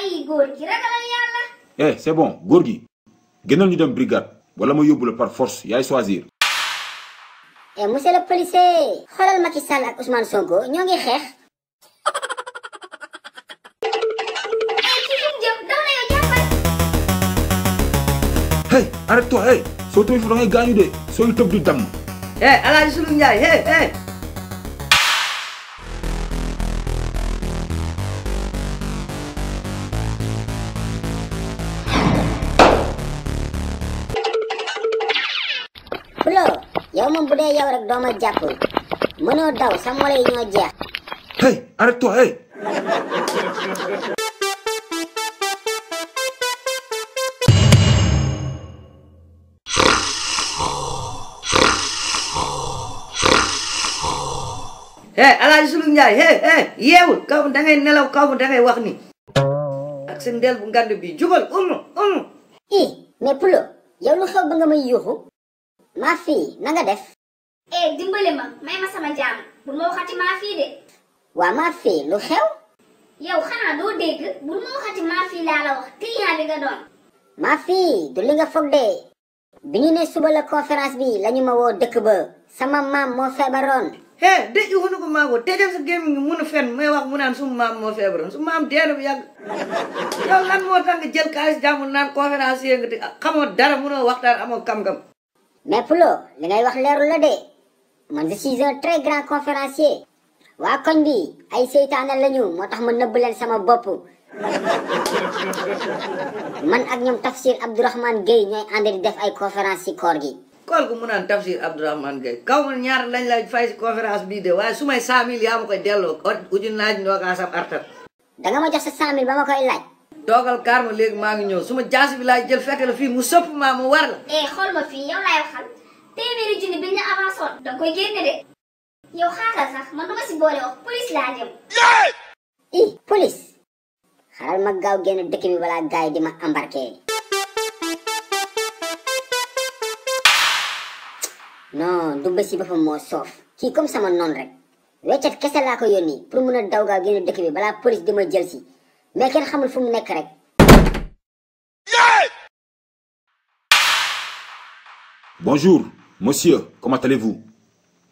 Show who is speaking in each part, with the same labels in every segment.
Speaker 1: bàyyi góor
Speaker 2: eh, bon góor gi gënal ñu dem brigade wala ma yóbbu la par force yaay choisir.
Speaker 1: eh monsieur le policier. xoolal Macky Sall ak Ousmane Sonko ñoo ngi xeex.
Speaker 2: hey arrête-toi hey soo tooy fu da gaañu de sooy tëb du damm.
Speaker 1: eh El Hadj Sulu Ndiaye hey hey. yow moom bu dee yow rek doo ma jàpp mënoo daw sa mole hey arrête toi hey. hey Alaaji Suluk Njaay hey hey iya, yeewul kau da ngay nelaw kaw da ngay wax ni. ak seen ndel bu ngand bi jubal umu umu. mais Pulo yow lu kau ba nga may maa fii na nga def. eh dimbale ma may ma sama jaam bul ma waxati maa fii de. waa maa fii lu ma waxati maa fii laa ñu ne dëkk ba sama maam moo feebaroon. eh dëj ko maa ko tëjal sa gémmiñ ngi wax mu naan su maam moo feebaroon su maam dee na bu yàgg. yow lan moo tax nga jël xaalis jàmm naan conférence yi nga ah, xamoo dara munoo waxtaan amoo kam-kam. mais Pulo li ngay wax leerul la de man je suis un très grand conférencier wa koñ bi ay seytaane lañu moo ma neub leen sama bop man ak ñom Tafsir abdourahman Gueye ñay andi def ay conférence ci koor gi koor gu mu naan Tafsir abdourahman Gueye kaw mu ñaar lañ la fay si conférence bi de way sumay 100000 cent mille koy delloo ot uju naaj sam artat da nga ma jox sa 100000 ba ma koy laaj dogal kaar ma leg maa ngi ñëw su ma jaasi bi lay jël fekk la fi mu sopp ma mu war la. e eh, xol ma fi yow lay waxal téméré jinn bi ñu avancer da koy génne dé yow xaaral sax man dama ci bolé wax police la jëm. i police. xaaral ma gaaw génn dëkk bi wala gaay di ma embarqué. non du bëssi yi boppam moo soof. kii comme sama non rek. wéccat kessa la ko yoni pour mëna a daw gaaw génn dëkk bi balaa police di ma jël si. mais rek.
Speaker 2: bonjour monsieur comment allez-vous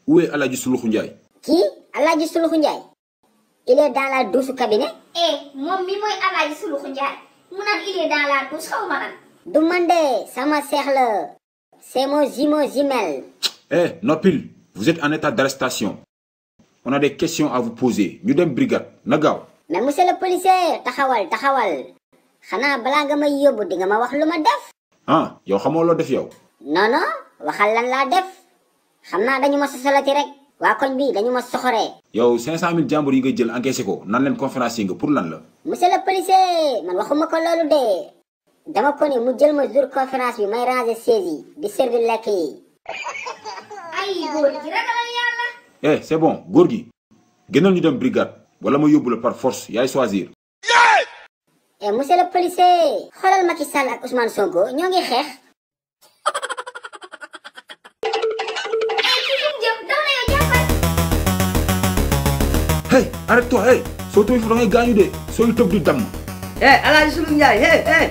Speaker 2: où est Aladji Souloukhou qui
Speaker 1: Aladji Souloukhou Khundjay. il est dans la douce cabinet. eh mon mi moy Aladji Souloukhou il est dans la douce xaw ma ça du mandé sama c'est mon zimo zimel.
Speaker 2: eh Nopil vous êtes en état d'arrestation on a des questions à vous poser ñu dem brigade Nagao.
Speaker 1: ne monsieur le policier taxawal taxawal xanaa balaa nga may yóbbu di nga ma wax lu ma def.
Speaker 2: ah yow xamoo loo def yow.
Speaker 1: non non waxal lan laa def xam naa dañu ma sosolati rek. waa koñ bi dañu ma soxoree.
Speaker 2: yow 500000 jàmbur yi nga jël encaissé ko nan leen conférence yi nga pour lan la.
Speaker 1: monsieur le policier man waxuma ko loolu de dama ko ne mu jël ma jour conférence bi may ranger siège yi di servir lekk yi.
Speaker 2: eh c'est bon góor gi gënal ñu dem brigade. wala ma yóbbu la par force yaay choisir.
Speaker 1: Eh, monsieur le policier xoolal Macky Sall ak Ousmane Sonko ñoo ngi xeex.
Speaker 2: hey arrête-toi hey soo tooy fu da ngay gaañu de sooy tëb du damm.
Speaker 1: hey eh, El Hadj Sulu Ndiaye hey hey.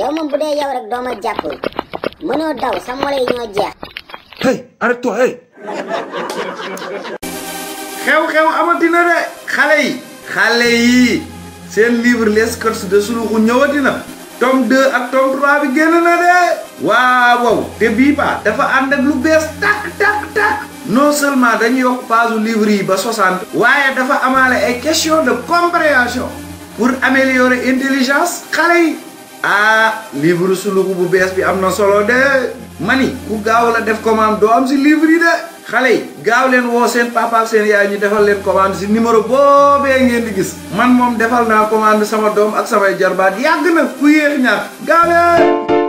Speaker 1: yow moom bu dee yow rek doo ma jàppul mënoo daw sa mole yi ñoo jeex. hey arrête toi
Speaker 2: hey. xew-xew amatina de xale yi. xale yi seen livre les codes de suluxu ñëwatina. tome 2 ak tome 3 bi génn na de. waaw te bii ba dafa ànd ak lu bees tak tak tak. non seulement dañu yokk page livre yi ba 60. waaye dafa amaale ay question de compréhension pour améliorer intelligence xale yi. ah livre suluku bu bees bi am na solo de mani ku gaaw la def commande doo am si livre yi de xale yi gaaw leen woo seen papa seen yaay ñu defal leen commande si numéro boobee ngeen di gis man moom defal naa commande sama doom ak samay jarbaat yàgg na ku yéex ñaar gaaw leen